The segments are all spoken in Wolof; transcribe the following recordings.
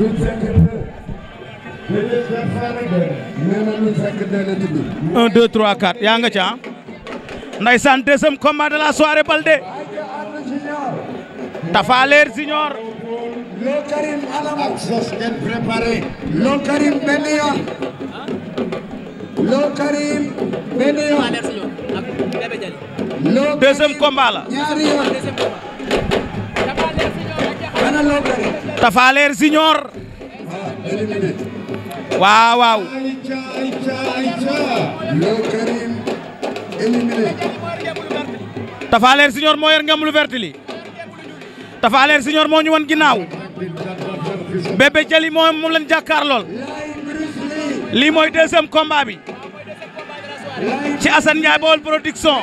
duñ fekk yaa nga ca ah. ndaysaan deuxième la soirée Baldé Tapha Leer loo Karim alam ak sos ngeen préparé loo Karim benn loo Karim benn yoon loo deuxième combat la ñaari yoon Tapha siñoor Junior waaw waaw Tapha Leer Junior moo yor ngam lu vert li Tapha Leer Junior moo ñu wan ginnaaw Bébé Diéli moo moom lañ jàkkaar lool lii mooy deuxième combat bi ci Assane Ndiaye Baol production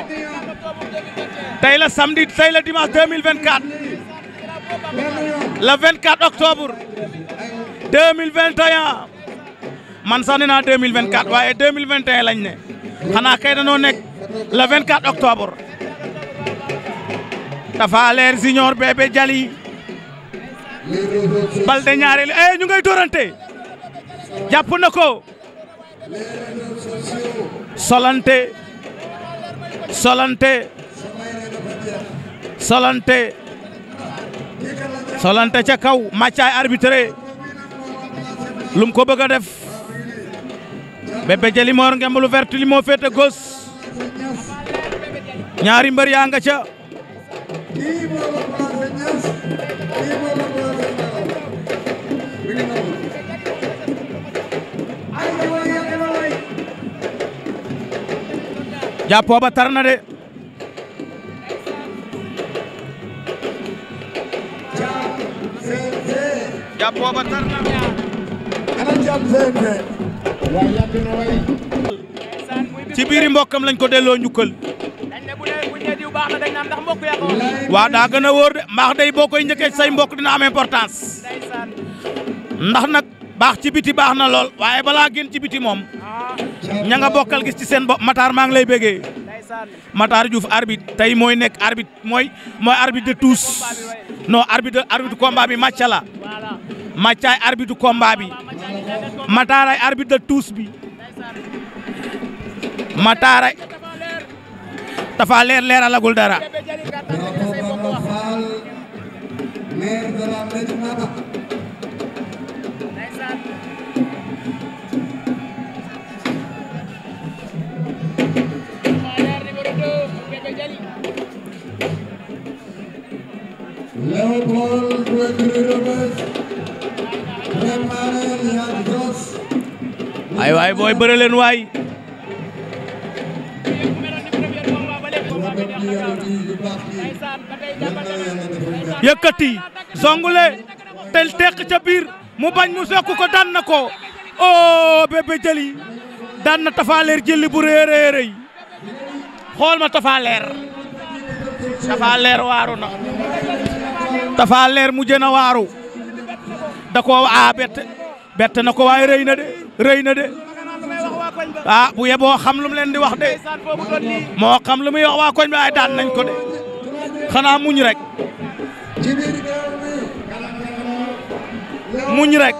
tey la samedi tey la dimanche 2024 le 24 octobre 2021 man sax nee naa 2024 waaye 2021 lañ ne xanaa kay danoo nekk le 24 octobre dafa leer junior bébé Jali Balde ñaareelu eh ñu ngay dóorante jàpp na ko solante solante solante solante ca kaw Mathiaye arbitré lum ko bëgg a def Bébé Djelimor ngemb lu vert li gos ñaari mbër yaa nga ca jàppoo ba tar de ci biir i mbokkam lañ ko delloo njukkal waaw daa gën a wóor de mbaax day boo koy njëkkee say mbokk dina am importance ndax nag baax ci biti baax na lool waaye balaa génn ci biti moom ña nga bokkal gis ci seen bopp Matar maa ngi lay bégee Matar Diouf arbitre tey mooy nekk arbitre mooy mooy arbitre de tous noo arbitre arbitre combat bi macha allah Mathiaye arbitre du combat bi Mataaray arbitre de tous bi Mataaray dafa leer leeralagul dara. Léopold Grégory ay waay booy bëre leen waay yëkkati zongule tel teq ca biir mu bañ mu sokku ko daan na ko oh bébé jëli tafaaleer jëli bu rëy rëy rëy xool ma tafaaleer tafaaleer waaru na tafaaleer mu jën a waaru da koo a bett na ko waaye rëy de rëy de ah bu yeboo xam leen di wax de moo xam lu muy wax waa koñ bi waaye daan nañ ko de xanaa muñ rek muñ rek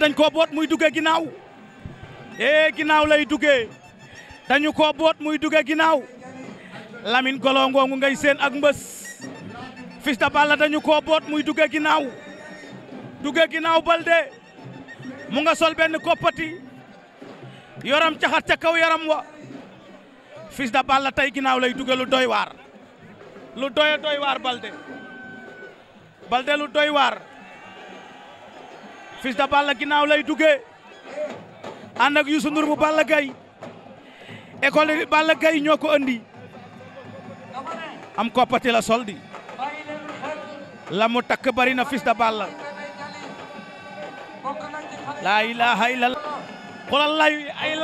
dañ koo boot muy duggee ginnaaw ee eh, ginnaaw lay duggee dañu ko boot muy duggee ginnaaw Lamine Golo ngoongu ngay séen ak mbës Fils de Balla dañu ko boot muy duggee ginnaaw duggee ginnaaw Baldé mu nga sol benn koppati yoram caxat ca kaw yaram wa Fils de Balla tey ginnaaw lay duggee lu doy waar lu doye doy waar Baldé Baldé lu doy waar Fils de Balla ginnaaw lay duggee ànd ak Youssou Ndour bu Balla Gaye école Balla Gaye ñoo ko andi am koppati la soldi la mu takk bari na Fils de Balla laa ilaaha layu ay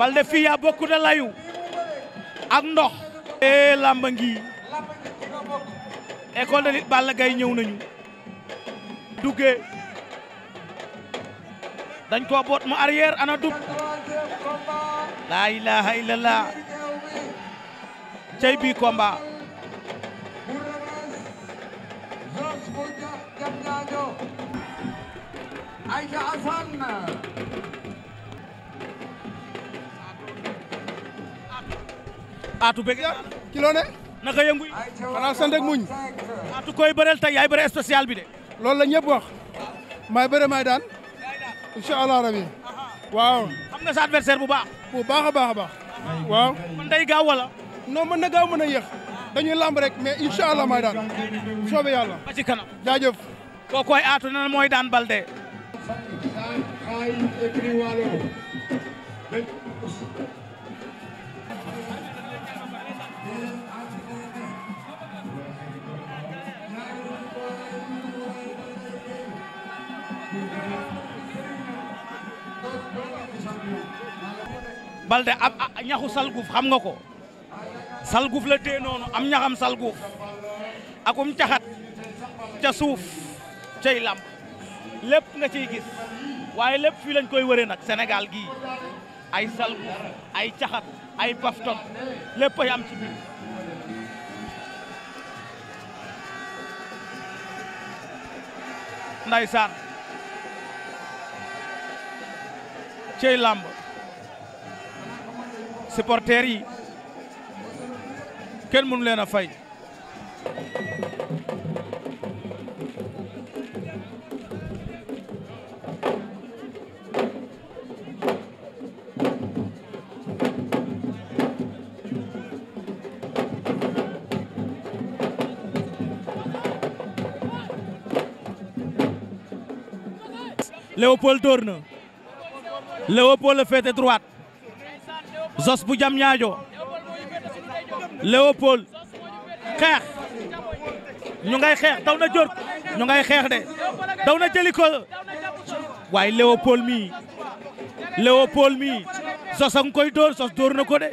layu fii yaa bokk layu ak ndox ee làmba ngi école de Balla Gaye ñëw nañu duggee dañ ko boot mu arrière ana dub laa ilaha illallah cey bi combat Aïcha Assane aatu bëgg ki loo ne naka yëngu xanaa sant ak muñ aatu koy bëreel tey yaay bëre spécial bi de loolu la ñëpp wax may bëre may daan incha allah rabi waaw. xam nga sa adversaire bu baax. bu baax a baax a baax. waaw man day gaaw wala. non mën na gaaw mën a yéex dañuy lamb rek mais incha allah may daan soobee yàlla. ba ci kanam jaajëf. koo koy aatu na mooy daan Balde. Balde ab ñaxu salguuf xam nga ko salguuf la tee noonu am ñaxam salguuf akum caxat ca suuf cay làmb lépp nga ciy gis waaye lépp fii lañ koy wëree nag Sénégal gii ay salguuf ay caxat ay pafton lépp ay am ci biir ndaysaan cey làmb supporters yi kenn mënu leen a fay Léopold dóor na la féete droite Zos bu jam ñaajo Léopold xeex ñu ngay xeex daw na jor ñu ngay xeex de daw na jëli ko waaye Léopold mii Léopold mii Zos koy dóor Zos dóor na ko de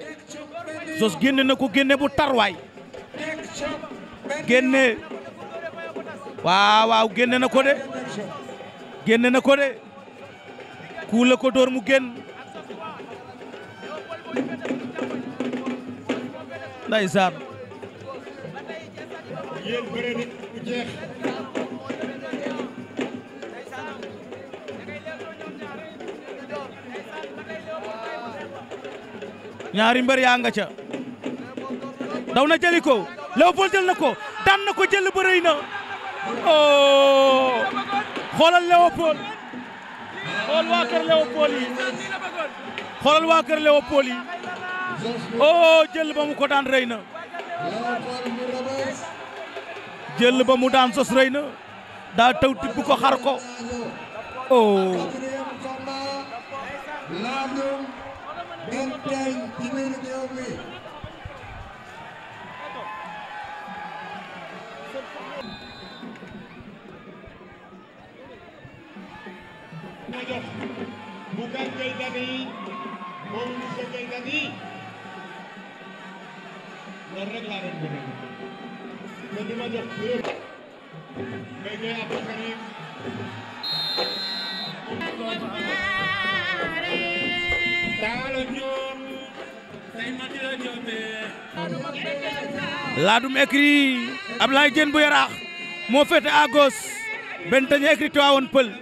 Zos génne na ko génne bu tar waay génne waaw génne na ko de génne na ko de ku ko dóor mu génn ndeysaan ñaari mbër yaa nga ca daw na jëli ko Léopold na ko daan na ko jël ba rëy na oh xoolal xoolal waa kër Léopold yi oh jël ba mu ko daan rëy na jël ba mu daan sos rëy na daa taw tibb ko xar ko oh. moom monsieur béykat yi loolu bu yaraax moo féete à gauche benn tañu écrit Tivaouane Peulh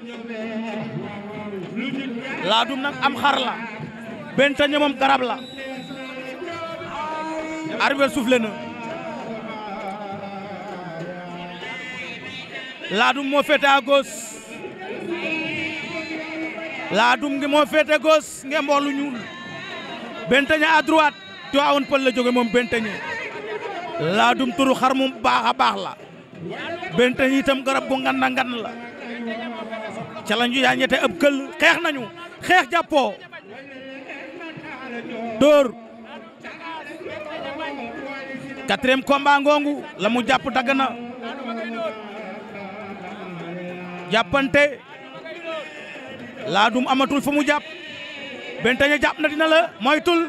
Ladoum nag am xar la Benteñe moom garab la arbitre soufflé na laadum moo féete à gauche laadum ngi moo féete gauche nge mboolu ñuul Benteñe à droite Tivaouane Peulh la jóge moom Benteñe laadum turu xar mu baax a baax la Benteñe itam garab gu nganda ngan la calanju yaa ñete ëpp këll xeex nañu xeex jàppoo dóor quatrième combat la mu jàpp dagg jàppante laa amatul fu mu jàpp Benteñe jàpp na dina la moytul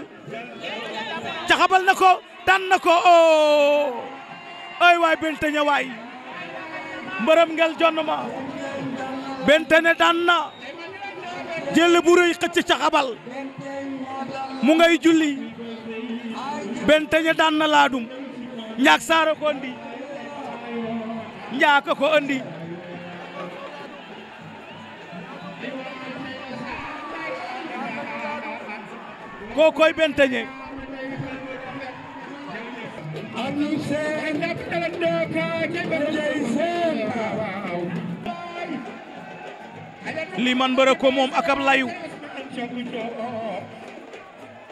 caxabal na ko tànn ko oh ay waay Benteñe waay mbërëm ngel jonn ma Benteñe daan na jël bu rëy xëcc caxabal mu ngay julli ben teñe daan na ñaak saara ko andi ñaaka ko andi ko koy ben moom akab layu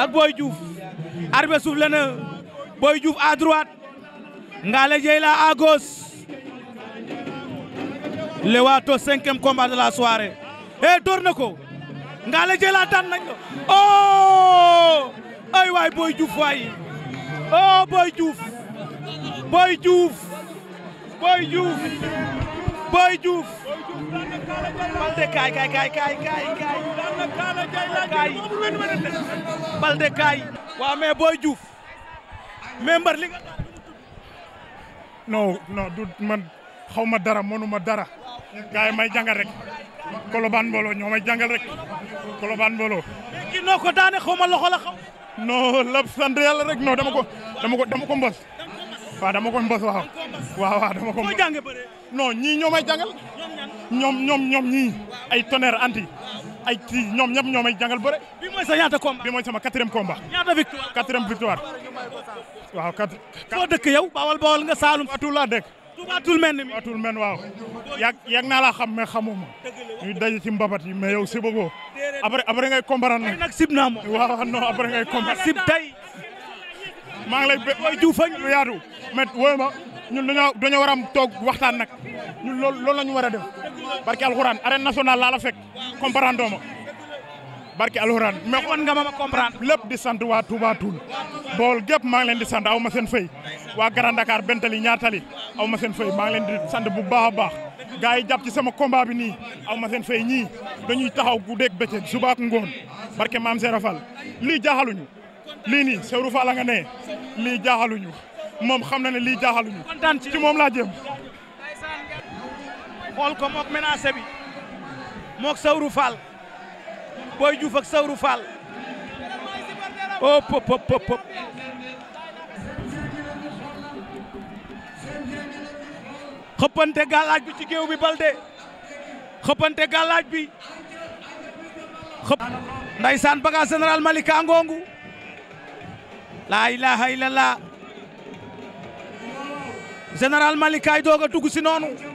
ak Boy Diouf arbitre soufflé na Boy Diouf à droite Ngale Dieyla à gauche Leewtoo cinquième combat de la soirée eh door na ko Ngale Dieyla daan nañ ko oh ay waay Boy Diouf waay oh Boy Diouf Boy Diouf Boy Diouf Boy Diouf Balde kaay kaay kaay kaay Balde kaay. waaw mais Boy Diouf. mais mbar li nga. du man xaw ma dara mënu dara. gars yi may jàngal rek. Kolobane Mbolo ñoo may rek. Kolobane Mbolo. noo ko daane xaw ma loxo la xaw. non la sant rek non dama ko dama ko dama ko dama ko mbos waaw. waaw waaw dama ko mbos. non ñii ñoo may ñoom ñoom ñoom ñii ay tonnerre anti ay kii ñoom ñëpp ñoom ay jàngal bëre. bi mooy sa ñaata combat bi mooy sama quatrième combat. ñaata victoire waaw quatre. foo dëkk yow bawal bawal nga Saalum. Fatou laa dëkk. Fatou mel ni Fatou mel waaw. yàgg yàgg naa laa xam mais xamuma. ñu daje ci mbabat yi mais yow si bëggoo. après après ngay comprendre nag. nag sib naa moom. waaw non après ngay comprendre. sib tey. maa ngi lay bé. mooy jiw fañ yaatu. mais wóoy ma ñun dañoo dañoo war a toog waxtaan nag ñun loolu loolu la ñu war a def. barki alxuraan arène nationale laa la fekk comprendre ma barki alxuraan mais wan nga ma ma comprendre lépp di sant waa Touba Toul bool gépp maa ngi leen di sant aw ma seen fay waa Grand Dakar bentali ñaatali aw ma fay maa ngi leen di sant bu baax a baax gars yi jàpp ci sama combat bi nii aw ma seen fay ñii dañuy taxaw guddeeg bëccëg suba ak ngoon barke maam Serap Fall lii jaaxaluñu lii nii Serap Fall nga ne lii jaaxaluñu moom xam na ne lii jaaxaluñu ci moom laa xool ko mook menacé bi mook sawru fall booy juuf ak sawru fall oh pop pop pop pop xëppante gàllaaj bi ci géew bi balde xëppante gàllaaj bi xëpp ndaysaan baga général malika ngongu laa ilaha illallah général malika ay doog a dugg si noonu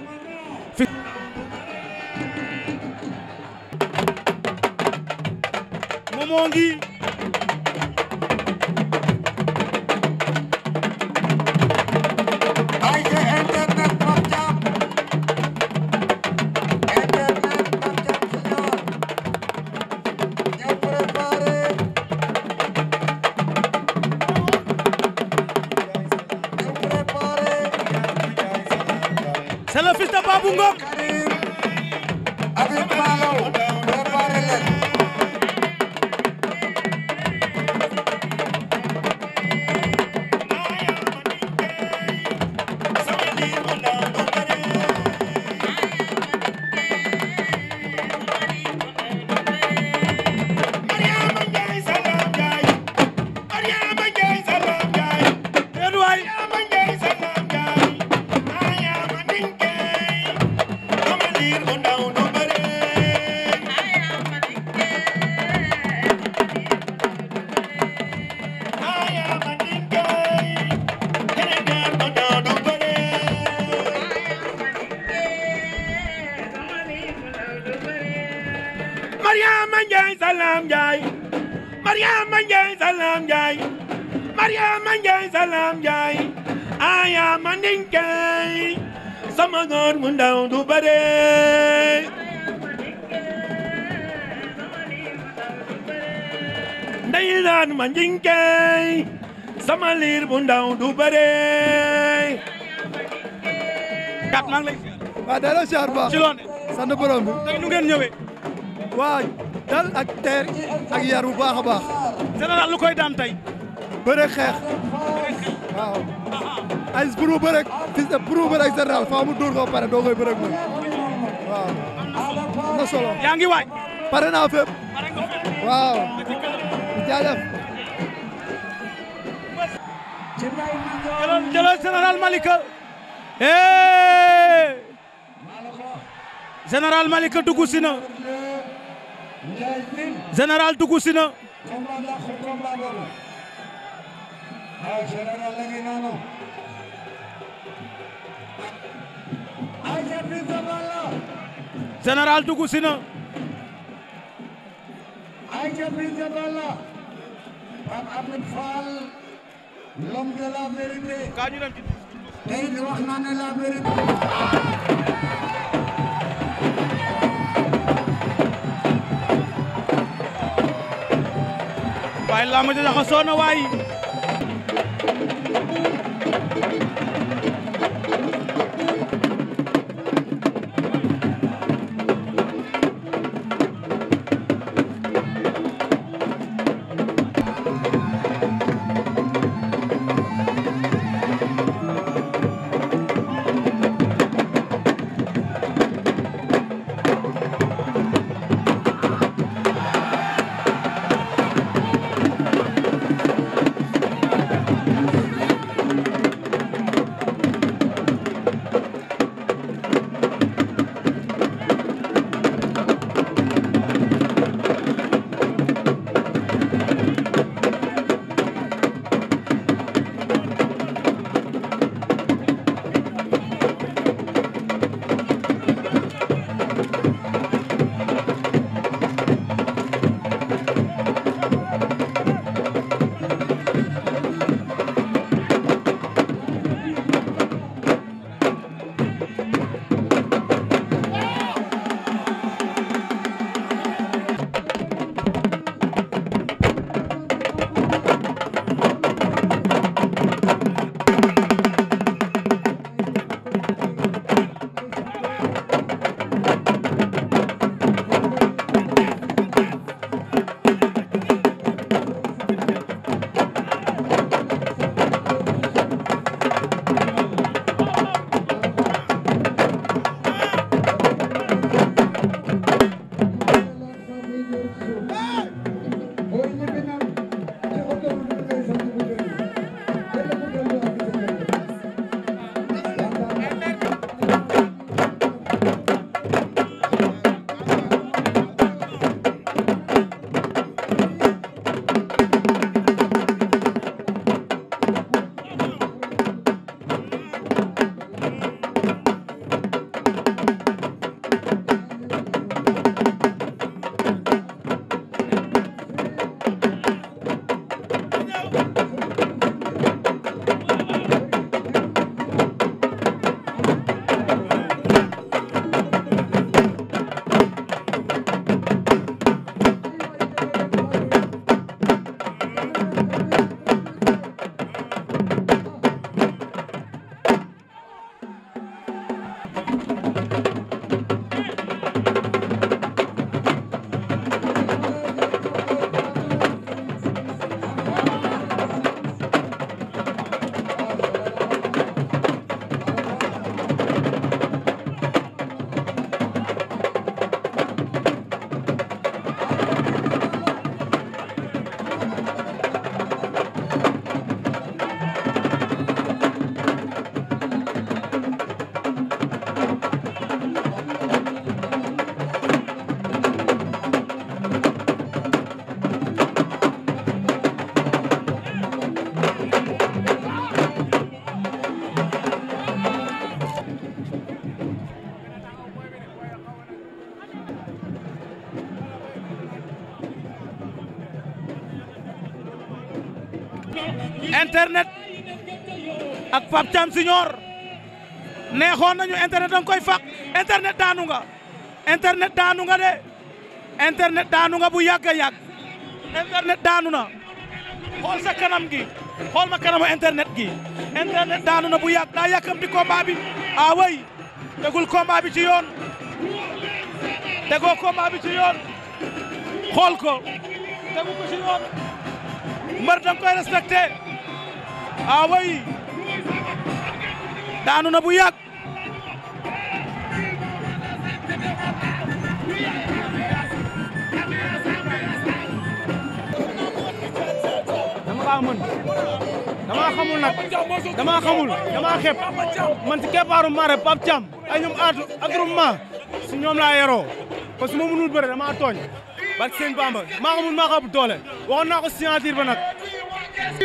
momo ngi sama liir bu ndaw du bëree. kat maa ngi lay. waaw delloo si àll ba. ci bi. tey nu ngeen waa dal ak teer ak yar bu baax a baax. général lu koy daan tey. xeex. waaw. ay pour mu bëre fii pour mu bëre ko pare doo koy bëre waaw. am solo yaa ngi waaj. pare naa fépp. waaw jaajëf. jëlal jëlal général Malika eh général Malika dugg si na général dugg si l'homme de la vérité. kaa ñu dem ci tey di wax naa ne la vérité. waaye laa ma jaxasoo na waay Junior neexoon nañu internet danga koy faq internet daanu nga internet daanu nga de internet daanu nga bu yàgga a yàgg internet daanu na xool sa kanam gi xool ma kanamu internet gi internet daanu na bu yàgg daa yàkkamti combat bi ah way tegul bi ci yoon tegoo combat bi ci yoon xool ko tegu ko ci yoon mbër koy respecté ah daanu na bu yàgg dama kaa mën dama xamul nag dama xamul dama xeeb man ci keppaaru mare Pape Thiam ay ñoom aatu atrum ma su ñoom laa yeroo parce que su ma mënul bëre dama tooñ barke seen Bamba maa xamul maa ko bu doole waxoon naa ko signature ba nag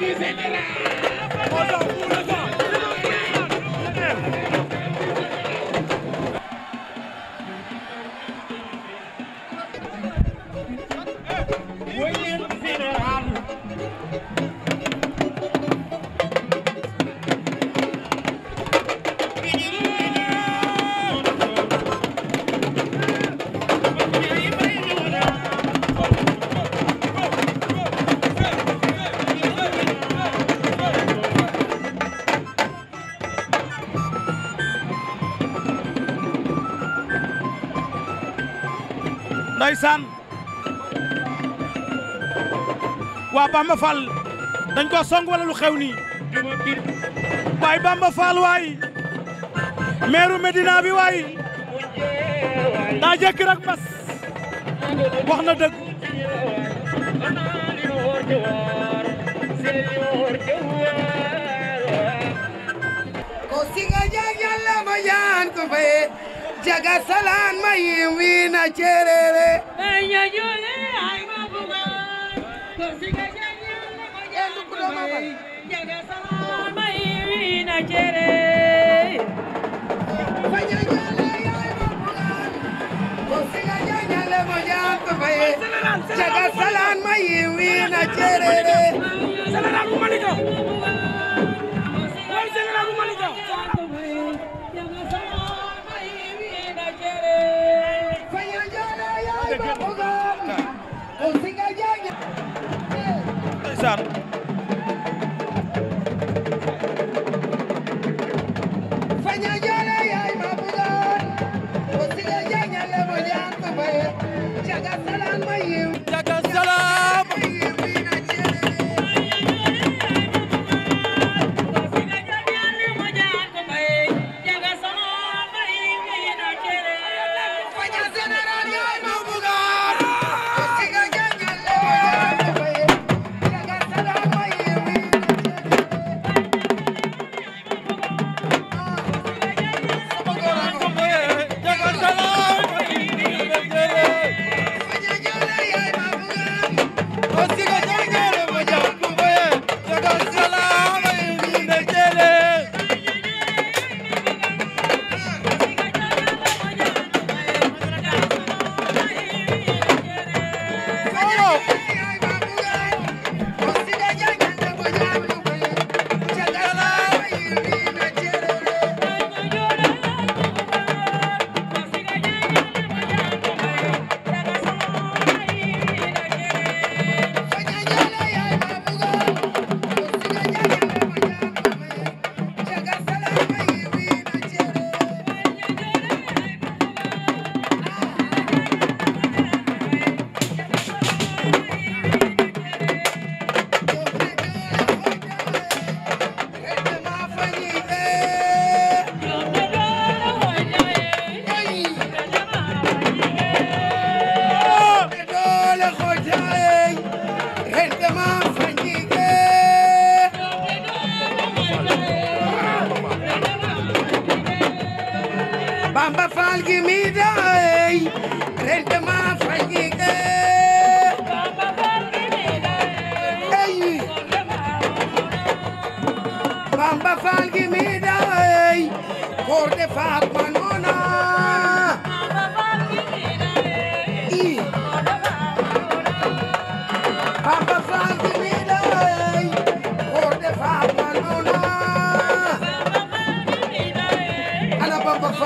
Moussa Moussa Bamba Fall dañ ko song wala lu xew nii waay Bamba Fall waay meeru Medina bi waay daa jekk rek bas wax na dëgg ko singa jag yalla ma yaan ko faye jaga salaan ma yim wi na ceere Jaga salaan ma yiwi na cerere. Salaan mu mani ko.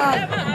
Bravo.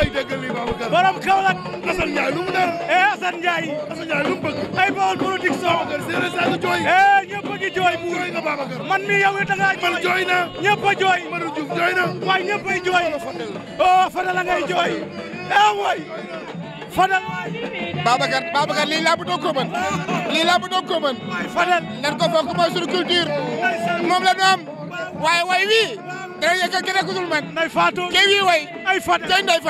ay dëgg lii Babacar borom Kaolack Assane Ndiaye lu mu nar eh Assane Ndiaye Assane Ndiaye lu mu bëgg ay Baol production Babacar séeréer saa nga jooy eh ñëpp a jooy mu man mi yow da man jooy na ñëpp a jooy Madou Diouf jooy jooy oh Fadel ngay jooy eh waay Fadel Babacar Babacar lii laa bu doog lii laa bu doog ko nan ko fonk mooy suñu culture moom la ñu waaye way wii dana yëg a gën a man nay wii way Ndeye Fadel cey Ndeye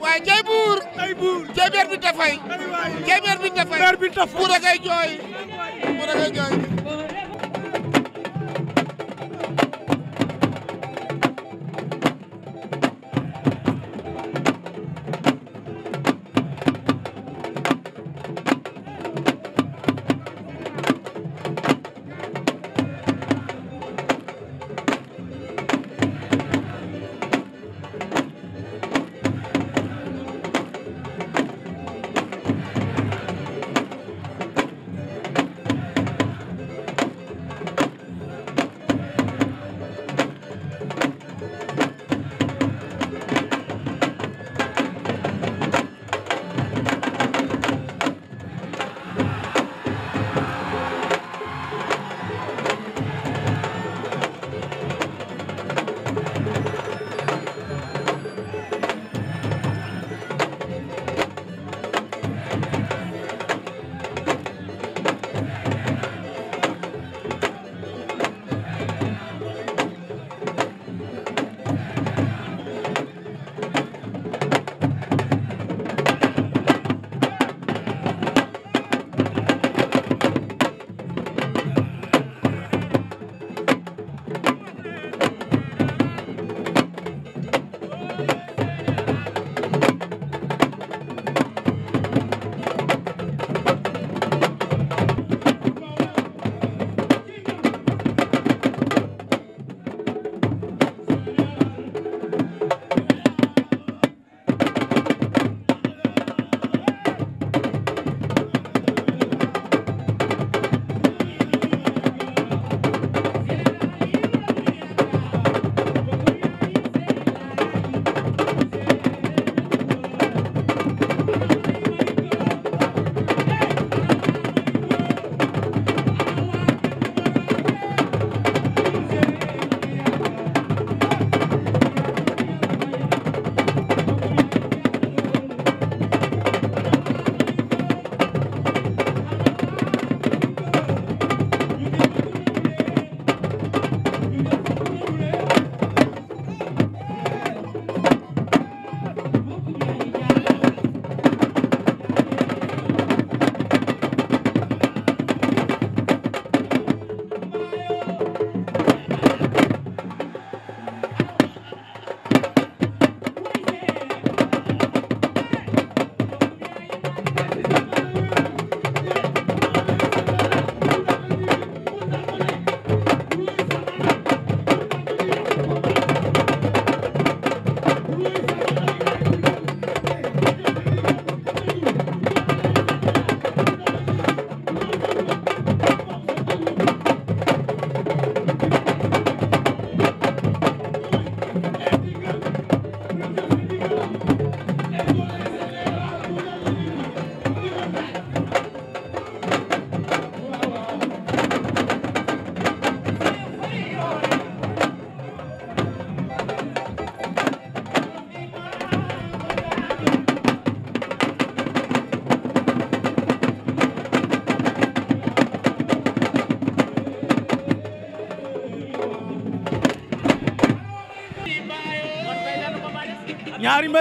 waaye cey buur buur cey maire bi tafay cey maire bi tafay maire bi a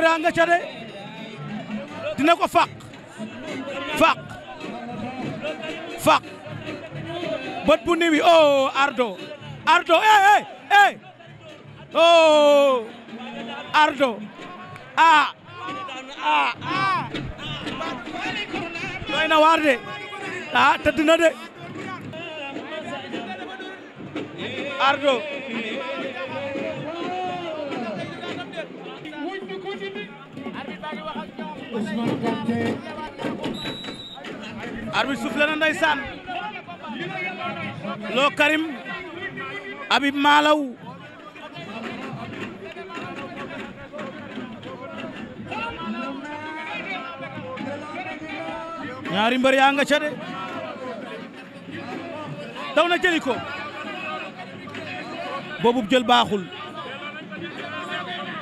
a nga ca de dina ko faq faq faq bët bu niwi oh Ardo Ardo eh eh eh oh Ardo ah ah ah doy na waar de ah tëdd na de Ardo. ndeysaan loo karim abib maalaw ñaari mbër yaa nga ca de daw na jëli ko jël baaxul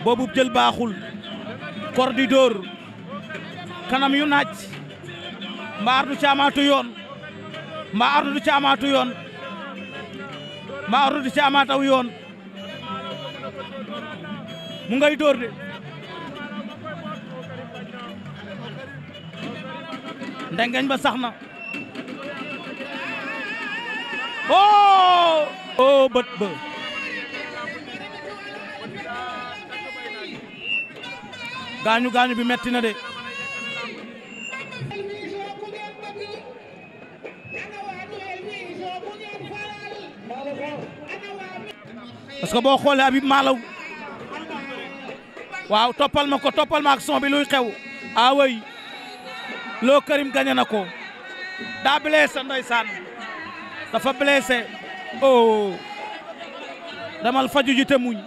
boobu jël baaxul kor kanam yu naaj mbaar du caamaatu yoon ma ardu du ci amaatu yoon ma ardu du ci amaataw yoon mu ngay dóor de ndengeñ ba sax na oh oh bët ba gaañu gaañu bi metti na de parce que boo xoolee Habib Malaw waaw toppal ma ko toppal ma ak son bi luy xew away ah loo Karim gañe na ko daa blessé ndeysaan dafa blessé oh damal faju ji te muñ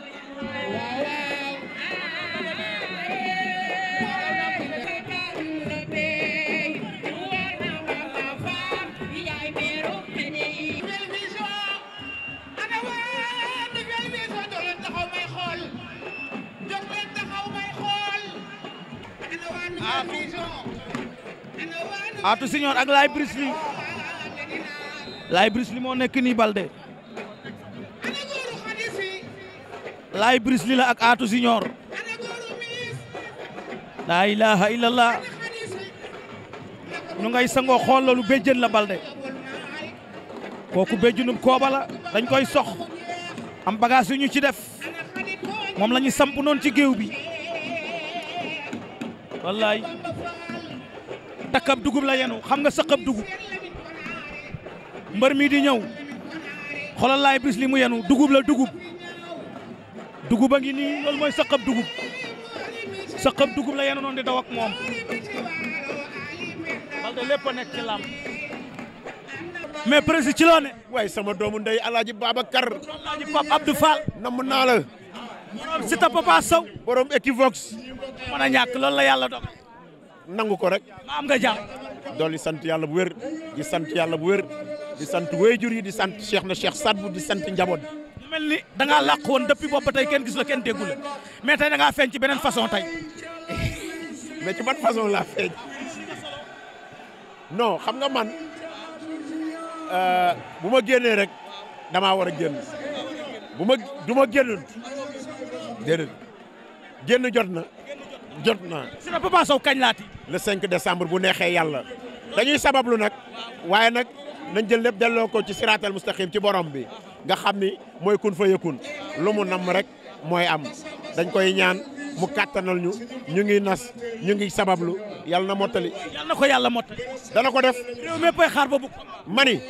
aatu Signor ak Laye Brisli Laye Brisli moo nekk nii Balde Laye Brisli la ak aatu siñoor laa ilaha illallah ñu ngay sangoo xool loolu béjjën la Balde kooku béjjënub kooba la dañ koy sox am bagage yu ñu ci def moom la ñu samp noonu ci géew bi wallaay takkab dugub la yenu xam nga sëqab dugub mbër mii di ñëw xoolal laay bis li mu yenu dugub la dugub dugub a ngi nii loolu mooy sëqab dugub sëqab dugub la yenu doon di daw ak moom Baldé a nekk ci mais président ci loo waaye sama doomu ndey alaaji Babacar alaaji Pape Abdou Fall namm naa la si ta Papa Sow borom Equivox mën a ñàkk loolu la yàlla dogal nangu ko rek. ma am nga jàmm. dolli sant yàlla bu wér di sant yàlla bu wér di sant wéyjur yi di sant Cheikh na Cheikh Sadbu di sant njaboot bi. mu mel ni da làq woon depuis boobu ba tey kenn gis la kenn déggu la mais tey da ngaa feeñ ci beneen façon tey. mais ci ban façon laa feeñ. non xam nga man euh, bu ma génnee rek damaa war a génn bu ma du ma génn déedéet génn jot na jot na Papa le cinq décembre bu neexee yàlla dañuy sabablu nag waaye nag nañ jël lépp delloo ko ci siraatal mustaqim ci borom bi nga ni mooy kun fa yëkkun lu mu namm rek mooy am dañ koy ñaan mu kàttanal ñu ñu ngi nas ñu ngi sabablu yàlla na mottali. yàlla ko yàlla mottali. dana ko def. réew mi koy xaar ba bu mani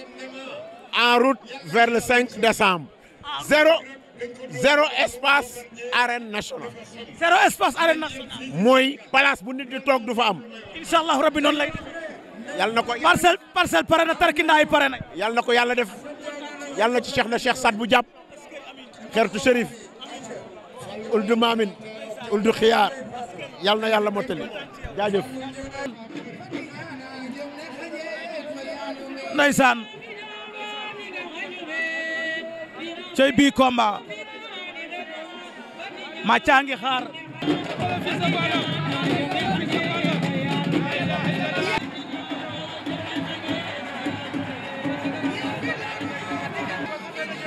en route vers le 5 décembre. Ah. zéro. zéro espace arène nationale. zéro espace arène nationale. mooy place bu nit di toog du fa am. incha allah rabbi noonu lay. yal na ko parcelle parcelle pare na tarkindaa yi pare na. yal na ko yàlla def yal na ci cheikh na cheikh Saad bu jàpp xertu shérif uldu maamin uldu xiyaar yal na yàlla mottali jaajëf. ndeysaan. cey bii combat Mathia ngi xaar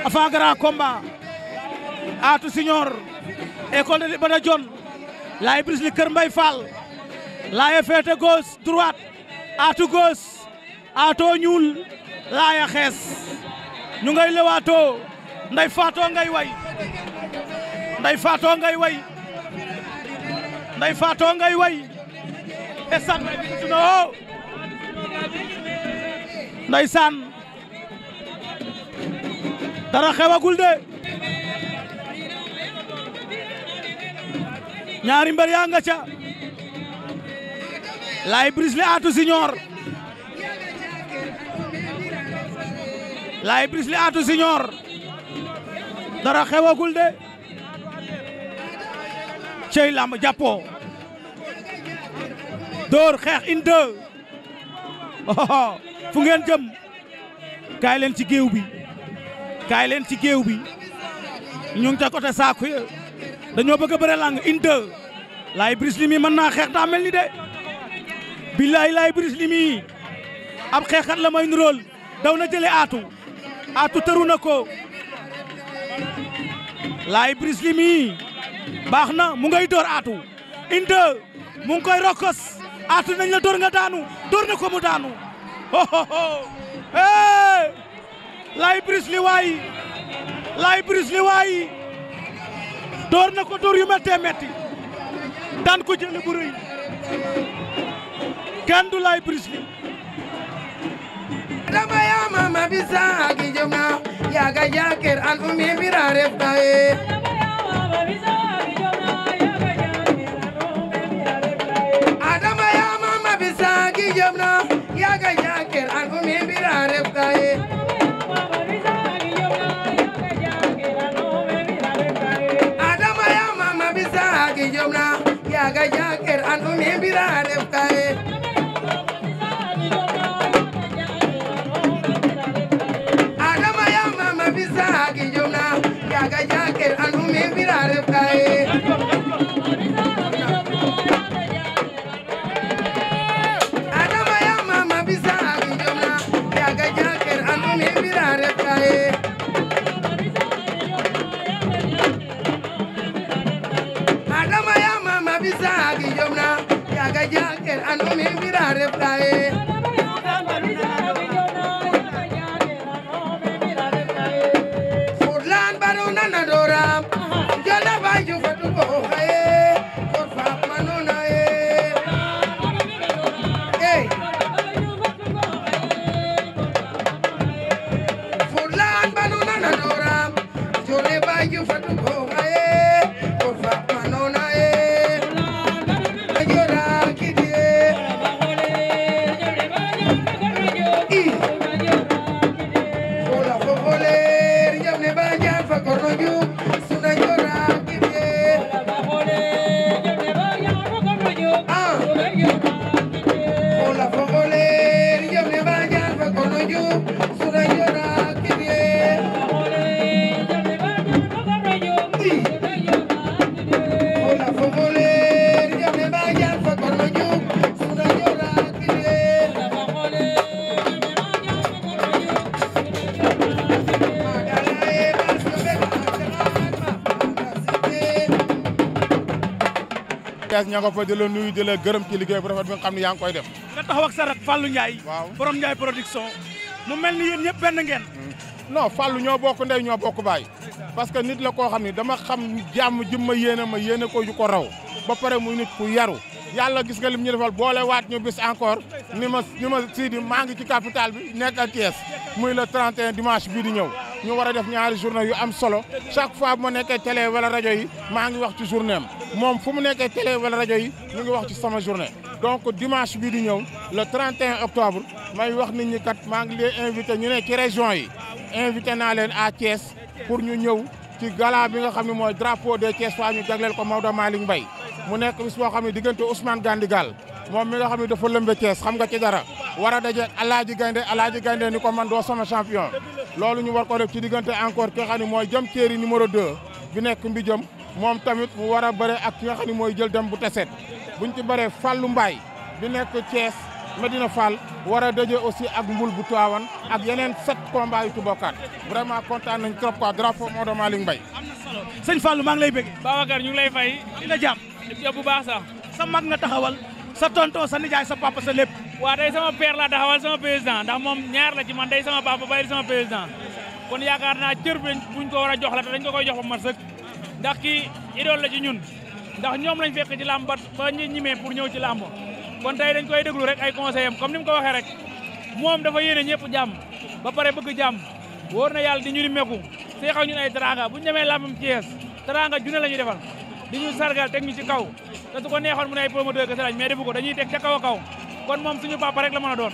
avant grand combat Atou Signor école de Libada Dione laay bris li Kër Mbay Fall laaya féete gauche droite Atou gauche Atou ñuul laaya xees ñu ngay lewaatoo nday faatoo ngay way nday faatoo ngay way nday faatoo ngay way esaan way bi dara xewagul de ñaari mbër nga ca Laye Bruce le Atou Senior Laye Bruce le Atou dara xewagul de cey làmb jàppoo dóor xeex in deux fu ngeen jëm kaay leen ci géew bi kaay leen ci géew bi ñu ngi ca côté saaku ya dañoo bëgg a bëre lang in deux laay bris li mi mën naa xeex daa mel ni de billaay laay bris li mi ab xeexat la may nurool daw na jële aatu aatu tëru na ko laay brise li mii baax na mu ngay door aatu inte mu ngi koy rokkos aatu nañ la door nga daanu door na ko mu daanu hohoho hey laay li waay laay brise li waay door na ko door yu méttee métti daan ko jël bu rëy kenn du laay brise li dama ya mama bisa agi jomna ya ga jakir e. an umi bira refta e adama ya mama bisa agi jomna ya ga jakir an umi bira refta e adama ya mama bisa agi jomna ya ga jakir an umi bira refta e Dias ña nga fa di la nuyu di gërëm ci liggéey bu rafet bi nga xam ne yaa ngi koy def nga taxaw ak sa rak waaw borom Ndiaye production mu mel ni yéen ñëpp benn ngeen hmm. non Fallou ñoo bokk ndey ñoo bokk baay parce que nit la koo xam ne dama xam jàmm ji ma yéene ma yéene ko ju ko raw ba pare muy nit ku yaru yàlla gis nga lim ñu defal boole waat ñu bis encore ni ma ni ma sii di maa ngi ci capital bi nekk muy Thiès muy en 31 bii di ñëw ñu war a def ñaari journée yu am solo chaque fois moo ma nekkee télé wala rajo yi maa ngi wax ci journée am moom fu mu nekkee télé wala rajo yi ñu ngi wax ci sama journée. donc dimanche bi di ñëw le 31 octobre may wax nit ñi kat maa ngi leen invité ñu ne ci région yi invité naa leen à Thiès pour ñu ñëw ci gala bi nga xam ne mooy drapeau de Thiès waa ñu jagleel ko Maodo Malick Mbaye mu nekk bis boo xam ne diggante Ousmane Gandigal moom mi nga xam ne dafa lëmbe Thiès xam nga dara war a daje alaaji gaynde alaaji gaynde ni ko man doo sama champion loolu ñu war ko def ci diggante encore ki nga xam ne mooy jëm téeri numéro 2 bi nekk mbi moom tamit mu war a bëre ak ki nga xam ne mooy jël dem bu teset buñ ci bëree Fallou Mbaye bi nekk Thiès Medina Fall war a daje aussi ak mbul bu tuwaawan ak yeneen sept combats yu tubokkaat vraiment kontaan nañ trop ko drapeau Maodo Malick Mbaye sëñ Fallou maa lay bëgg Babacar ñu ngi lay fay li la jàmm bu sa tonton sa nijaay sa papa sa lépp. waa day sama père la taxawal sama président ndax moom ñaar la ci man day sama papa bay sama président kon yaakaar naa cër bi buñ ko war a jox la te dañ ko koy jox ba mat ndax kii idole la ci ñun ndax ñoom lañ fekk ci làmb ba ba ñu ñimee pour ñëw ci làmb kon tey dañ koy déglu rek ay conseil am comme ni mu ko waxee rek moom dafa yéene ñëpp jàmm ba pare bëgg jàmm wóor na yàlla di ñu di meku see xaw ñun ay teraanga bu ñu demee làmbam Thiès teraanga junne la ñuy defal di ñu sargal teg ñu ci kaw te su ko neexoon mu ne ay promoteur kese lañ mais defu ko dañuy teg ca kaw kaw kon moom suñu papa rek la mën a doon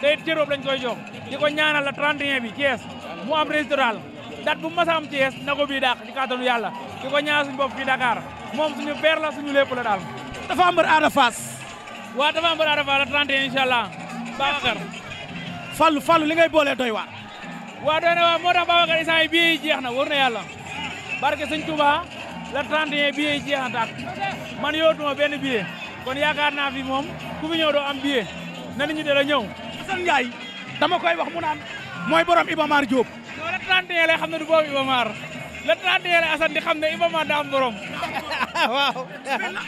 te it cëróob lañ koy jox di ko ñaanal la 31 bi Thiès mu am régional date bu mas a am Thiès na ko bii dàq ci kàttanu yàlla di ko ñaanal suñu bopp fii Dakar moom suñu père la suñu lépp la daal dafa am mbër Ada Fass waaw dafa am mbër Ada Fass la 31 incha allah Babacar Fallou Fallou li ngay boolee doy waar waaw doy na waa moo tax Babacar isant yi bii jeex na wër na yàlla barke sëñ Touba la 31 billet yi jeex na tàkk man yootuma benn billet kon yaakaar naa fi moom ku fi ñëw doo am billet na nit ñi dala ñëw. Assane Ndiaye dama koy wax mu naan mooy borom Ibamar Diop. non le 31 lay xam ne du boobu Ibamar le 31 lay Assane di xam ne Ibamar daa am borom. waaw.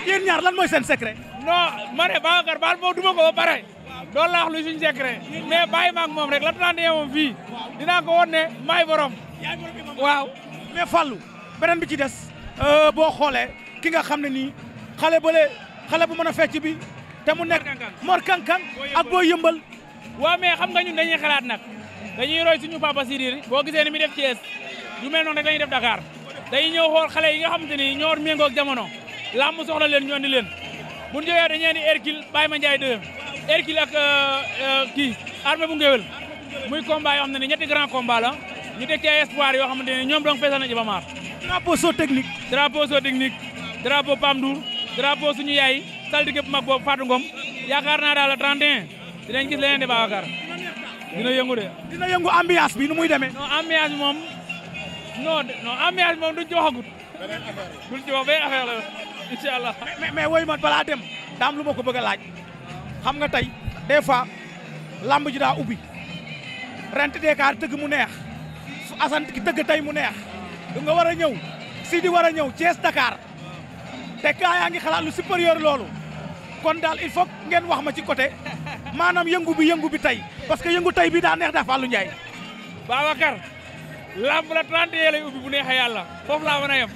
yéen ñaar lan mooy seen secret. non ma ne Babacar baal boobu duma ko ba pare. loolu laa wax lu suñu secret. mais bàyyi ma ak moom rek le 31 moom fii dinaa ko won ne maay borom. waaw mais Fallou beneen bi ci des. Euh, boo xoolee ki nga xam ne nii xale bële xale bu mën a fecc bi te mu nekk Mor Kankan ak boo yëmbal waa mais xam nga ñun dañuy xalaat nag dañuy roy suñu papa Sidir boo gisee ni mi def Thiès yu mel noonu rek lañuy def dakaar dañuy ñëw xool xale yi nga xamante ni ñoo méngoo ak jamono mu soxla leen ñoo andi leen bu ñu jógee dañu ni Hercule Baye ma Ndiaye deux ak euh, euh, kii armée bu ngéwél muy combat yoo xam ne ñetti grand combat la ñu teg ci espoir yoo xamante ne ñoom donc feesal na Iba drapeau so technique drapeau so technique drapeau Pamdour drapeau suñu yaay saltige bu mag yaakaar naa daal 31 dinañ dina yëngu de dina yëngu ambiance bi nu muy demee non ambiance bi moom non non ambiance bi moom duñ ci waxagut duñ ci wax benn affaire la woyu ma balaa dem daam lu ma ko bëgg a laaj xam nga tey des fois lamb ji daa ubbi rent Dakar tëgg mu neex Assane ki tëgg tey mu neex du nga war a ñëw si di war a ñëw Thiès Dakar te kaa yaa ngi xalaat lu supérieur loolu kon daal il faut ngeen wax ma ci côté maanaam yëngu bi yëngu bi tey parce que yëngu tey bi daa neex daa Fallou Ndiaye. Babacar lamb la 31 ubbi bu neexee yàlla foofu laa mën a yem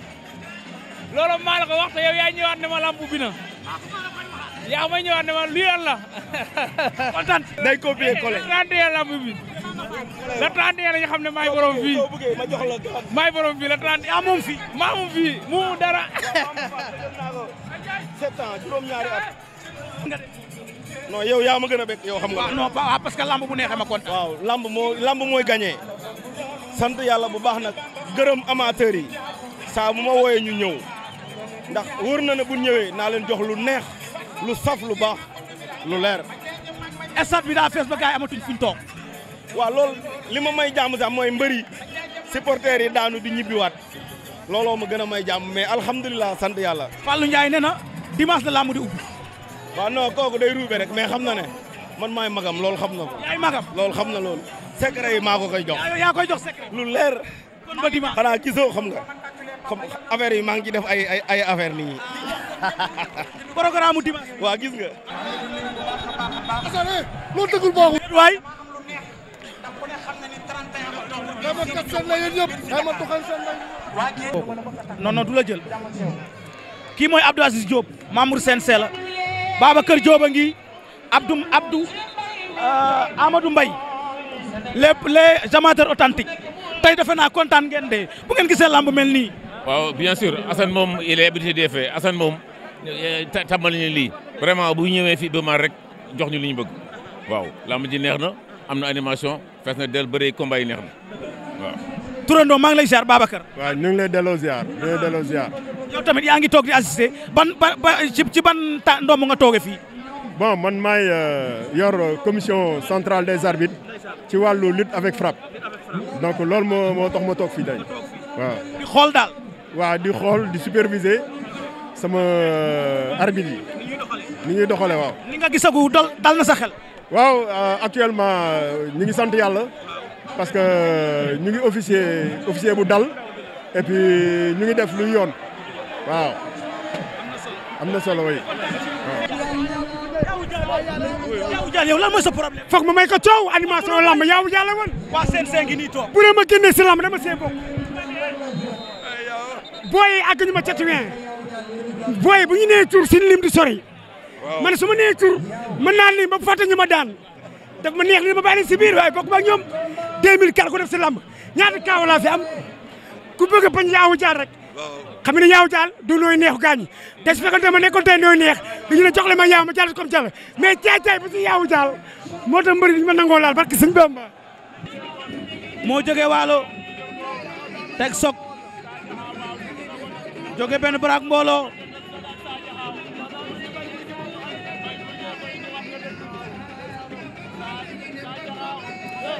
loolu maa la ko wax te yaa ñëwaat ne ma lamb ubbi na yaa may ñëwaat ne ma lii lan la. kontaan. day copier coller 31 lamb bi. le 31 la ñu xam ne maay borom fii maay borom fii le 31 ah moom fii maa moom fii mu dara. sept ans yow yaa ma gën a bëgg yow xam nga. waaw ah, non ah, parce que lamb bu neex ma kontaan. waaw lamb moo lamb mooy gagné. sant yàlla bu baax nag gërëm amateurs yi saa bu ma wooyee ñu ñëw ndax wër na ne bu ñëwee naa leen jox lu neex lu saf lu baax lu leer. stade bi daa fees ba gars amatuñ fuñ toog. waaw lool li ma may jàmm sax mooy mbëri supporters yi daanu di ñibbiwaat looloo ma gën may jàmm mais alhamdulilah sant yàlla. Fallou Ndiaye nee na dimanche la làmb di ubbi. waaw non kooku day ruube rek mais xam na ne man maay magam loolu xam na ko. yaay magam xam na lool secret yi maa ko koy jox. yaa koy jox secret. lu leer. kon ba dimanche xanaa gisoo xam nga xam affaire yi maa ngi ci def ay ay ay affaire nit ñi. programme mu dimanche. waa gis nga. loolu dëggul baaxul. non non du la jël kii mooy Abdou Aziz Diop Mamour Sène Sela Babacar Diop a ngi Abdou Abdou euh, Amadou Mbaye lépp les amateurs tey defe naa kontaan ngeen de bu ngeen gisee lamb mel nii. waaw bien sûr Assane moom il est habitué des faits Assane moom euh, tàmbali lii vraiment bu ñëwee fii ba mar rek jox ñu li ñu bëgg waaw lamb neex na am na animation. fees na del bëre combat yi neex na waaw. turandoo maa ngi lay ziar Babacar. waaw ñu ngi lay delloo ziar ñu ngi tamit yaa ngi toog di assister ban ba ci ban ta ndoom nga toogee fii. bon man maay euh, yor commission centrale des arbitres ci wàllu lutte avec frappe donc loolu moo moo tax ma toog fii tey di xool daal. waaw di xool di superviser sama euh, arbitre yi. ni ñuy doxalee waaw. ni nga gisagu dal dal sa xel. waaw euh, actuellement euh, ñu ngi sant yàlla parce que euh, ñu ngi officier officier bu dal et puis ñu ngi def luy yoon waaw am na solo way Yawou Dial ma may ko coow animation yaa Yawou Dial la woon. waa CNC ngi nii bu dee ma génnee si lamb dama see bokk. booy yi àgguñu ma ca tuwee. booy bu ñu nee tur si lim di sori. man su ma nee tur mën naa nii ba fàtte ñu ma daan daf ma neex nii ma bàyyi si biir waaye bokk ba ñoom 2004 ku def si lamb ñaata kaaw laa fi am ku bëgg a bañ yaawu rek rek xam ne yaawu jaar du nooy neexu gaañ te su fekkoon ma nekkoon tey nooy neex dañu ne jox la ma yaaw ma jaar comme jàll mais caay-caay ba si yaawu jaar moo tax mbëri dañu ma nangoo laal barke sëñ Bamba moo jógee waalo teg sok jóge benn baraak mbooloo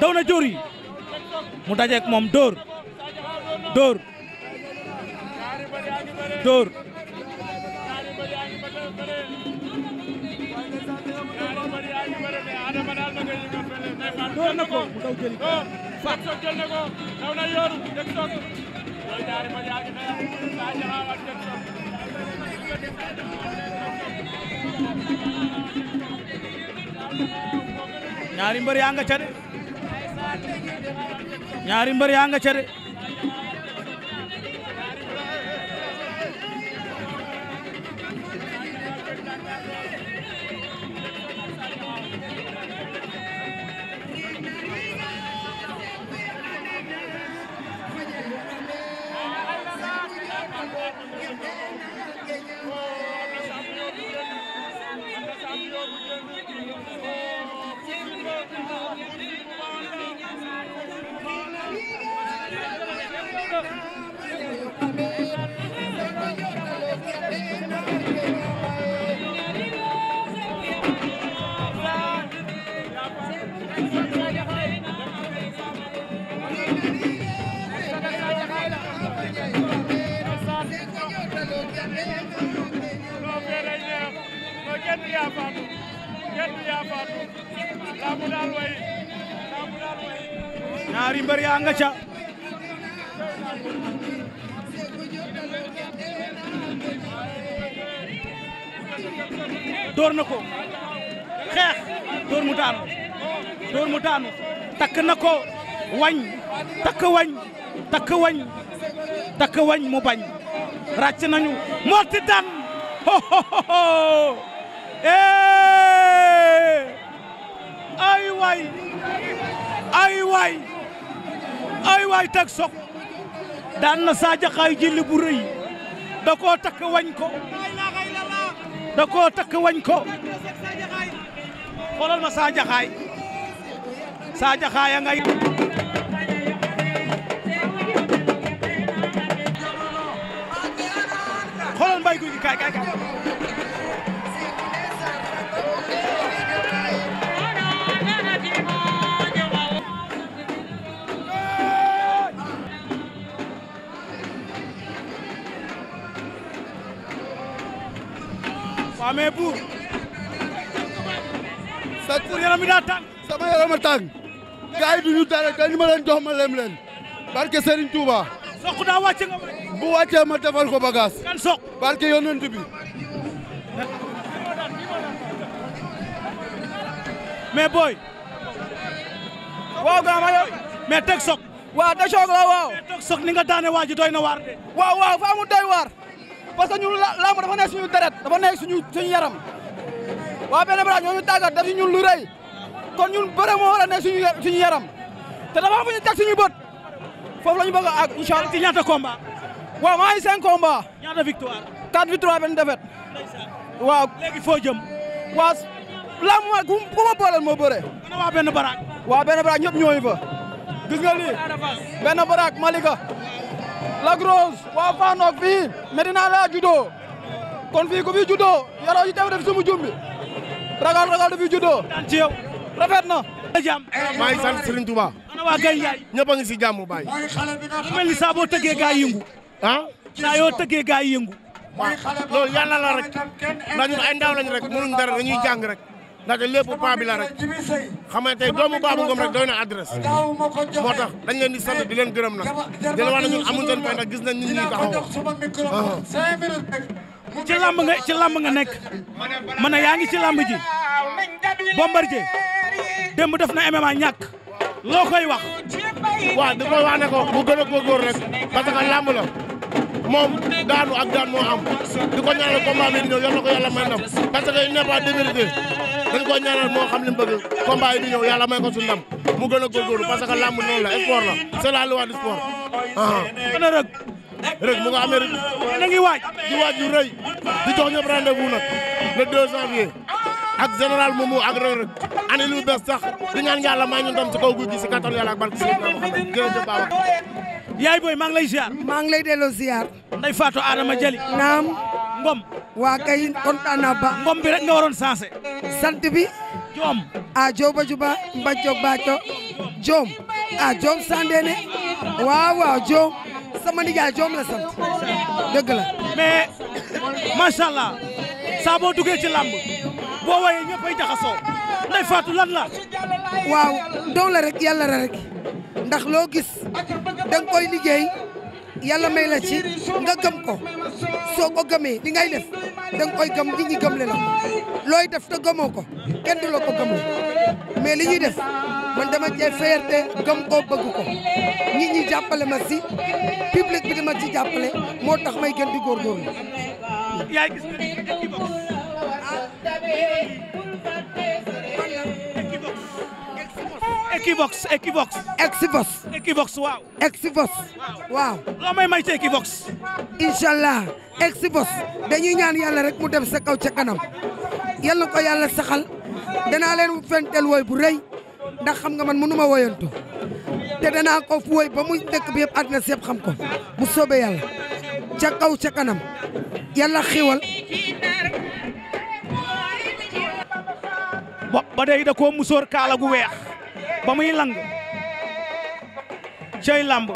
daw na jóor yi mu dajeek moom dóor dóor dóor na ko mu daw jëli faat na ko ñaari mbër yaa nga ca ñaari mbër yaa nga cere takk wañ takk wañ mu bañ ràcc nañu mooti daan ho ho ho ee eh. ay waay ay waay ay waay teg sok daan na saa jaxaay jëli bu rëy da koo takk wañ ko da koo takk wañ ko xoolal ma saa jaxaay saa jaxaay a ngay kay kay kay waa mais pour sa pour yaram bi daa tàng sama yaram a tàng gars yi duñu dara dañu ma leen jox ma lem leen barke Serigne Touba soq daa wàcce nga wàcce. bu ma defal ko bagage. barke yonent bi. mais booy. waaw gaa ma yow. mais teg soq. waaw teg soq la waaw. mais teg soq ni nga daane waa ji doy na waar de. waaw waaw faa doy waar. parce que ñun làmb dafa nekk suñu deret dafa nekk suñu suñu yaram. waa benn bras ñoo ñu tàggat daf ñun lu kon ñun bëre moo war a yaram te dafa am fu ñu teg suñu foofu la ñu bëgg a àgg incha allah. ci ñaata combat. waaw maa ngi cinq combat. ñaata victoire. quatre victoire ma ku ma booleel moo bëre. waa benn baraak. waa benn fa. gis nga lii benn Malika. Lac waa Fanook fii Medina laa juddoo kon fi juddoo yaroo yi teew def sumu jumbi ragal ragal daf fi juddoo rafet na. jàmm maa ngi sant Serigne Touba ana waa gay yaay a ngi si jàmm baay mu boo tëggee gaa yëngu ah saa yoo tëggee gaa yëngu waaw loolu yàlla la rek ndax ñun ay ndaw lañ rek mënuñ dara dañuy jàng rek ndaxte lépp paa la rek xam tey doomu Babou Ngom rek doy na adresse moo tax dañ leen di sant di leen gërëm nag di la wax ne ñun amuñ seen fay ndax gis nañ nit ñi taxawoo ci lamb nga ci làmb nga nekk ma yaa ngi ci làmb ji Bombardier démb def na MMA ñàkk loo koy wax. waaw di koy wax ne ko bu gën a góorgóor rek parce que lamb la moom daanu ak daan moo am di ko ñaanal combat bi di ñëw yor na ko yàlla may ndam parce que il n'est pas démérité dañ koy ñaanal moo xam li mu yi di ñëw yàlla may ko su ndam mu gën a góorgóorlu parce que la noonu la sport la c'est la loi du sport. Ah ah. rek mu nga Amérique. yéen a ngi waaj di waaj yu rëy di jox ñëpp rendez-vous nag le 2 janvier ak général Momo ak Reug Reug année lu bees sax di ñaan yàlla may ñu ndam ci guy gi si kattanu yàlla ak barke si Seydina Muhammad jërëjëf yaay booy maa ngi lay ziar. maa ngi lay delloo ziar. nday Fatou Adama Jali. naam. Ngom. waa kay kontaan naa ba. Ngom bi rek nga waroon sensé. sant bi. Joom. a Jooba Juba Mbacco Bacco. Joom. a Joom Joom. sama nijaay Diome la sant dëgg la. mais macha allah saa boo duggee ci làmb boo woyee ñëppay jaxasoo nday Fatou lan la. waaw doon la rek yàlla la ndax loo gis da nga koy liggéey yàlla may la ci nga gëm ko soo ko gëmee di ngay def da koy gëm nit ñi gëmle la looy def te gëmoo ko kenn du la ko gëmle mais li ñuy def. man dama cee fierté gëm ko bëgg ko nit ñi jàppale ma si bi dama ci jàppale moo tax may gën di góorgóorlu. yaay gis nga Equivox. Equivox Equivox. Equivox. Equivox waaw. Equivox waaw. loo may may ci dañuy ñaan yàlla rek mu dem sa kaw ca kanam yal ko yàlla saxal danaa leen fenteel woy bu rëy. dax xam nga man mënu ma woyantu te danaa ko fu woy ba mu dëkk bi yëpp àddina si xam ko bu soobee yàlla ca kaw ca kanam yàlla xiwal. ba ba da koo musóor kaala gu weex ba muy lang cay làmb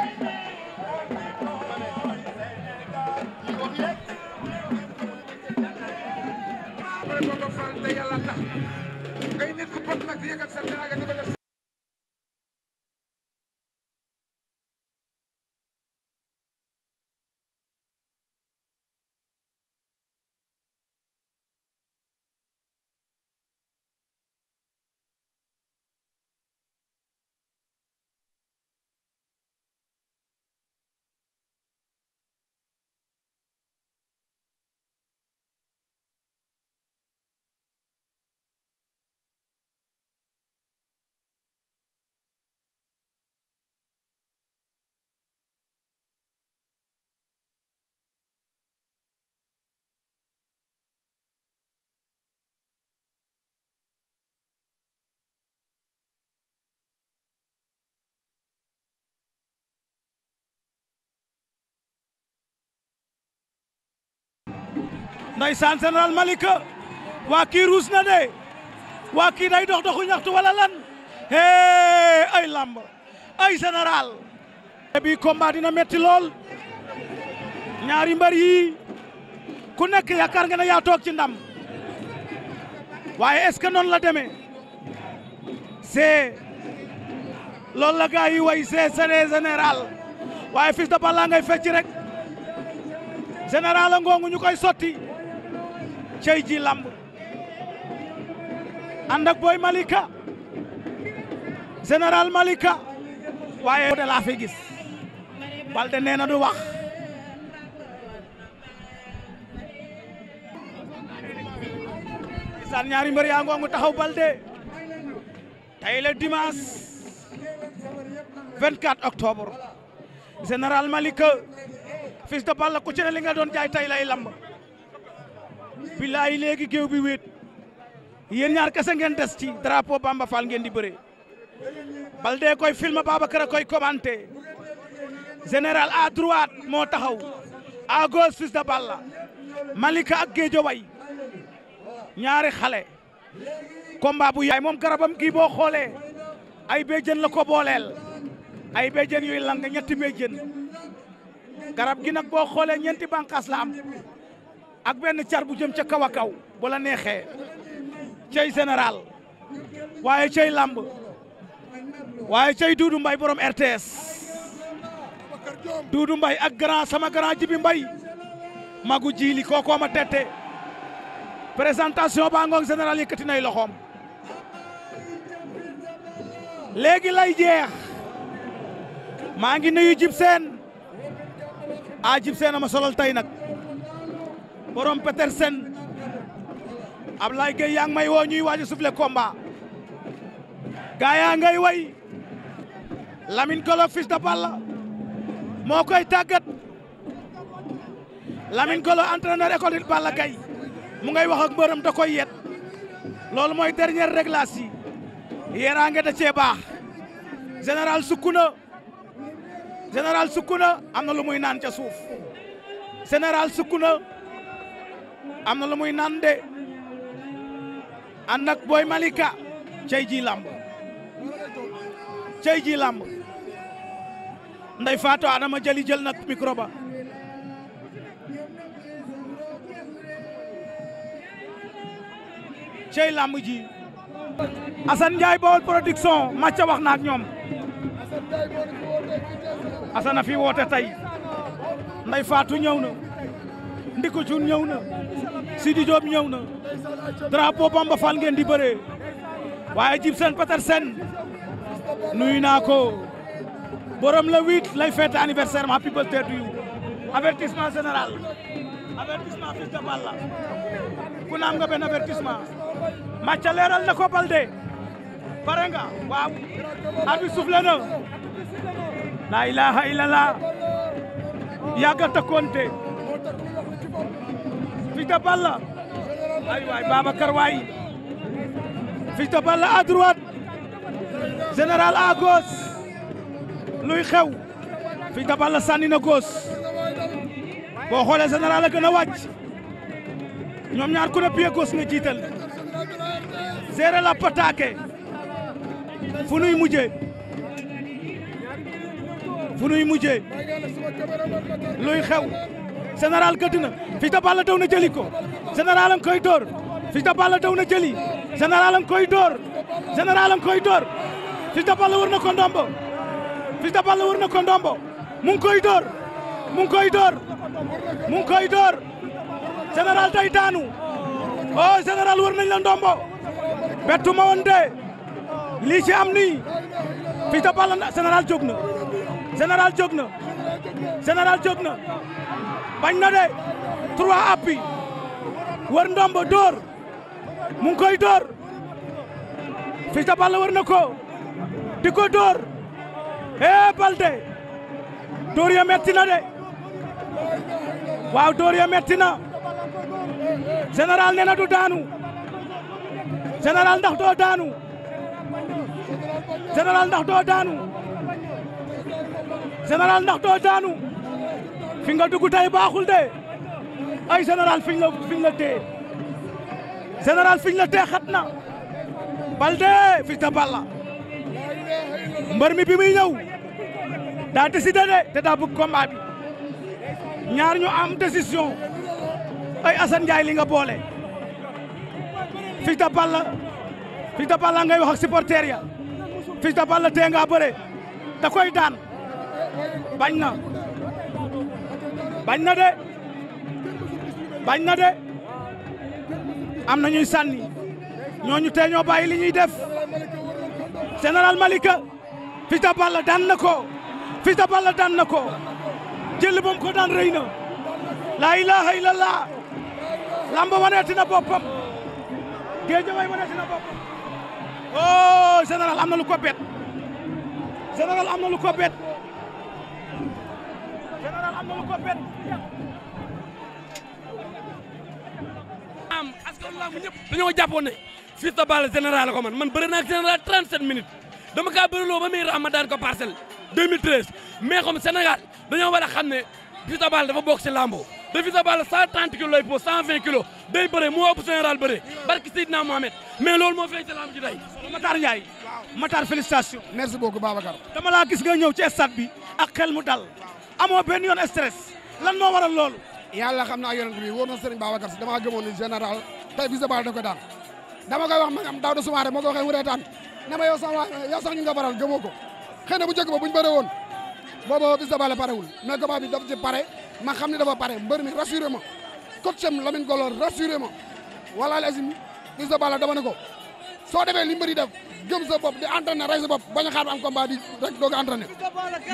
ngay nit ku pot nag di yëkkat sa teraanga di ko def ndeysaan général Malika waa kii na de waa kii day dox doxu ñaxtu wala lan hee ay làmb ay général e bi combat dina metti lool ñaari mbër yi ku nekk yaakaar nga ne yaa toog ci ndam waaye est-ce que la demee c'est loolu la gars yi way c'est c'est général waaye Fils de Balla ngay fecc rek général a ñu koy sotti cey ji lamb ànd ak booy Malika général Malika waaye de laa fi gis Balde nee na du wax saan ñaari mbër yaa ngoongu taxaw Balde tey le dimanche 24 octobre général Malika fils de Balla ku ci li nga doon jaay tey lay lamb billaay léegi géew bi wéet yéen ñaar kese ngeen des ci drapeau Bamba Fall ngeen di bëre Baldé koy filmé Babacar a koy commenté général à droite moo taxaw à gauche fils de Balla Malika ak Géejo ñaari xale combat bu yaay moom garabam kii boo xoolee ay béjjën la ko booleel ay béjjën yooyu lang ñetti béjjën garab gi nag boo xoolee ñenti bànqaas la am ak benn car bu jëm ca kaw a kaw bu neexee cey général waaye cey làmb waaye cey Duudu Mbay borom RTS Duudu Mbay ak grand sama grand Jibi Mbay magu jiili kookoo ma tette présentation baa ngoog général nay loxoom léegi lay jeex maa ngi nuyu jib seen a jib seen ama solal tey nag borom Petersen Ablaye Gueye yaa ngi may woo ñuy waaj a soufflé combat gaa yaa ngay way Lamine Golo Fils de Balla moo koy tàggat Lamine Golo entraîneur école Balla Gaye mu ngay wax ak mbërëm da koy yet loolu mooy dernière réglage yi yeraange da cee baax général sukkuna général sukkuna am na lu muy naan ca suuf général sukkuna am na lu muy naan de ànd ak Boy Malika cey ji làmb cay ji làmb nday faato Adama Jali jël nag micro ba cey làmb ji Assane Ndiaye Baol production macca wax na ak ñoom Assane a fi woote tey nday Fatou ñëw na Ndiko Diouf na Sidi Diop ñëw na drapeau Bamba Fall ngeen di bëree waaye jib seen patar seen naa ko borom la huit lay fête anniversaire happy birthday to you avertissement général avertissement fils de Balla ku naam nga benn avertissement macca leeral na ko Balde pare nga waaw arbi soufflé na la ilaha illallah yàgga ta Fils de Balla ay waay Babacar waay Fils Balla à droite général à luy xew Fils de Balla sànni na gauche boo xoole général a gën a wàcc ñoom ñaar ku ne pied gauche nga jiital séeréer la pataake fu nuy mujjee fu nuy mujjee luy xew général gëdd na Fils de Balla daw na jëli ko général am koy door Fils de Balla daw na jëli général am koy door général am koy door Fils de Balla ko ndombo Fils de Balla wër ko ndombo mu ngi koy door mu ngi koy door mu ngi koy door général day daanu oh ma woon de lii ci am nii Fils de Balla général jóg na bañ na de trois appuis wër ndombo dóor mu ngi koy dóor Fils de Balla wër na ko di ko dóor eh Balde dóor ya metti na de waaw dóor ya metti na général nee na du daanu général ndax doo daanu général ndax doo daanu général ndax doo daanu fi nga dugg tey baaxul de ay général fiñ la fiñ la tee général fiñ la tee xat na Baldé Fils de Balla mbër mi bi muy ñëw daa décidé te daa bëgg combat bi ñaar ñu am décision ay Assane Ndiaye li nga boole Fils de Balla Fils de Balla ngay wax ak supporter ya Fils de Balla tee nga bëre da koy daan bañ na bañ na de bañ na de am na ñuy sànni ñooñu tee ñoo li ñuy def général Malika Fils de Balla na ko Fils de Balla na ko jël moom ko daan rëy na laa ilaha illallah lamba waneeti na boppam géej way waneeti na boppam oh général am na lu ko bet général am na lu ko bet général am na lu ko benn am askan lamb ñëpp dañoo jàppoon ne Fils de Balla général man man bëri naa ak général 37 minutes dama kaa bëriloo ba muy raama daan ko parcelle 2013 mais comme Sénégal dañoo war a xam ne Fils de Balla dafa bokk ci lambo te Fils de Balla 130 kilos lay po 120 kilos day bëre moo ëpp général bëre barki Seydina Mohamed mais loolu moo feeñ ci lamb ji day Matar Ndiaye Matar félicitation merci beaucoup Babacar dama laa gis nga ñëw ci stade bi ak xel mu dal amoo benn yoon stress lan moo waral loolu. yàlla xam naa yonent bi wóor na Serigne Babacar si damaa gëmoon ni général tey Fils de Balla da koy daan dama koy wax ma am Daouda Soumaré ma ko waxee mu reetaan ne ma yow sax yow sax ñu nga baral gëmoo ko xëy na bu njëkk ba bu ñu bëree woon booba Fils de Balla parewul mais combat bi daf ci pare ma xam ne dafa pare mbër mi rassuré ma coach am Lamine Golor rassuré ma wala d de Balla dama ne ko soo defee li mbëri def gëm sa bopp di entraîné rey sa bopp bañ a xaar ba am combat di rek doog a entraîné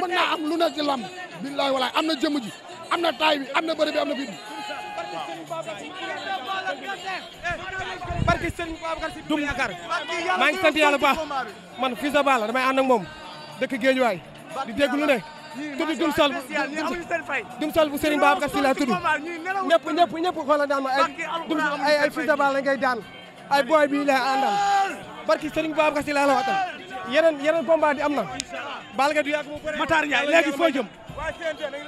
mën naa am lu ne ci làmb billaay am na jëmm ji am na taay bi am na bëri bi am na fit bi barki sëñ Babacar Si dum yaakaar maa ngi sant yàlla bu baax man Fils de Balla damay ànd ak moom dëkk Géejuwaay di dégg lu ne tudd dum sal dum sal bu sëriñ Babacar Si laa tudd ñëpp ñëpp ñëpp xoolal daan ma ay dum ay ay Fils daan ay booy bi la àndal barki Serigne Babacar Sy laa la waxtaan yeneen yeneen combat di am na Balla Gaye du yàgg mu bëre Matar Ndiaye léegi foo jëm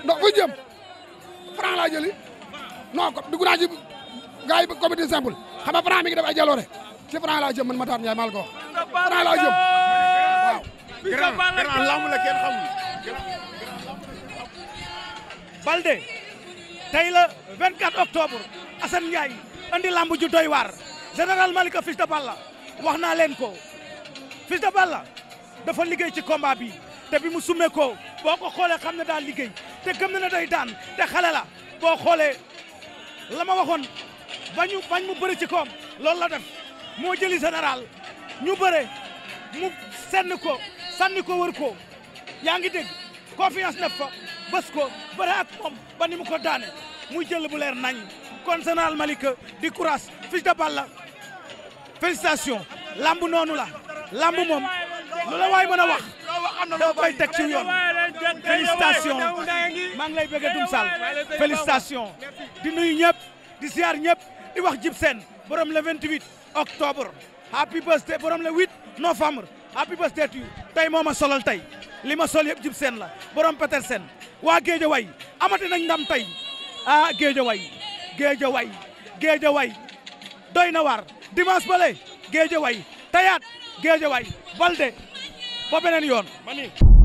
donc fu jëm franc laa jëli non dugg naa ci mi ngi def ay jaloore ci franc laa jëm man Matar Ndiaye maa la ko wax franc laa jëm waaw la kenn xamul Balde tey la 24 octobre Assane Ndiaye andi lamb ju général Malika Fils de Balla wax naa leen ko Fils de Balla dafa liggéey ci combat bi te bi mu summee ko boo ko xoolee xam ne daal liggéey te gëm na ne day daan te xale la boo xoolee lama ma waxoon bañu bañ mu bëri ci koom loolu la def moo jëli général ñu bëre mu senn ko sànni ko wër ko yaa ngi dégg confiance def fa bës ko bëre ak moom ba ni ko daane mu jël bu leer nañ kon général Malika di courage Fils de Balla félicitations lamb noonu la lamb moom lu la waay mën a wax da koy teg ci yoon félicitations maa lay bëgg Doum Sall félicitations di nuyu ñëpp di siyaar ñëpp di wax jib seen borom le 28 octobre happy birthday borom le 8 novembre happy birthday to you tey moo a solal tey li ma sol yëpp jib seen la borom peter seen waa géejo way amati nañ ndam tey ah géejo way géejo way géejo way doy na waar dimanche bële géejawaay tayaat géejawaay balde ba beneen yoon